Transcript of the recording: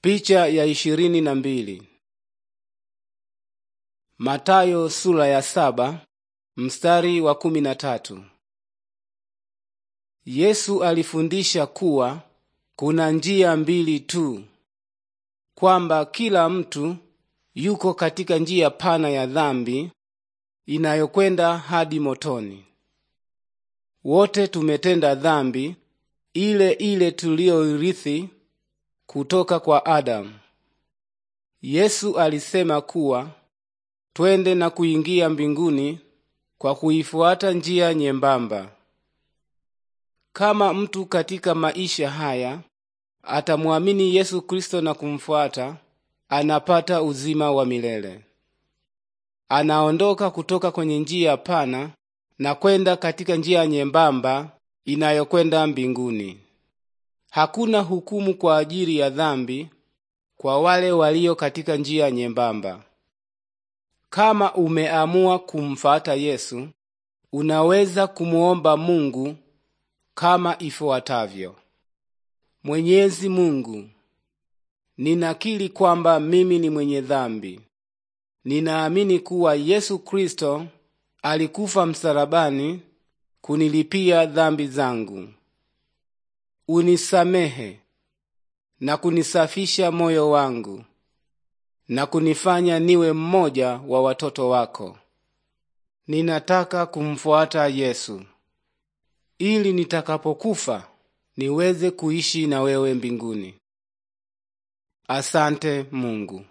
Picha ya ishirini na mbili. Matayo sura ya saba mstari wa kumi na tatu. Yesu alifundisha kuwa kuna njia mbili tu, kwamba kila mtu yuko katika njia pana ya dhambi inayokwenda hadi motoni. Wote tumetenda dhambi ile ile tuliyoirithi kutoka kwa Adamu. Yesu alisema kuwa twende na kuingia mbinguni kwa kuifuata njia nyembamba. Kama mtu katika maisha haya atamwamini Yesu Kristo na kumfuata, anapata uzima wa milele. Anaondoka kutoka kwenye njia pana na kwenda katika njia nyembamba inayokwenda mbinguni. Hakuna hukumu kwa ajili ya dhambi kwa wale walio katika njia nyembamba. Kama umeamua kumfata Yesu, unaweza kumuomba Mungu kama ifuatavyo: Mwenyezi Mungu, ninakiri kwamba mimi ni mwenye dhambi. Ninaamini kuwa Yesu Kristo alikufa msalabani kunilipia dhambi zangu unisamehe na kunisafisha moyo wangu na kunifanya niwe mmoja wa watoto wako. Ninataka kumfuata Yesu ili nitakapokufa niweze kuishi na wewe mbinguni. Asante Mungu.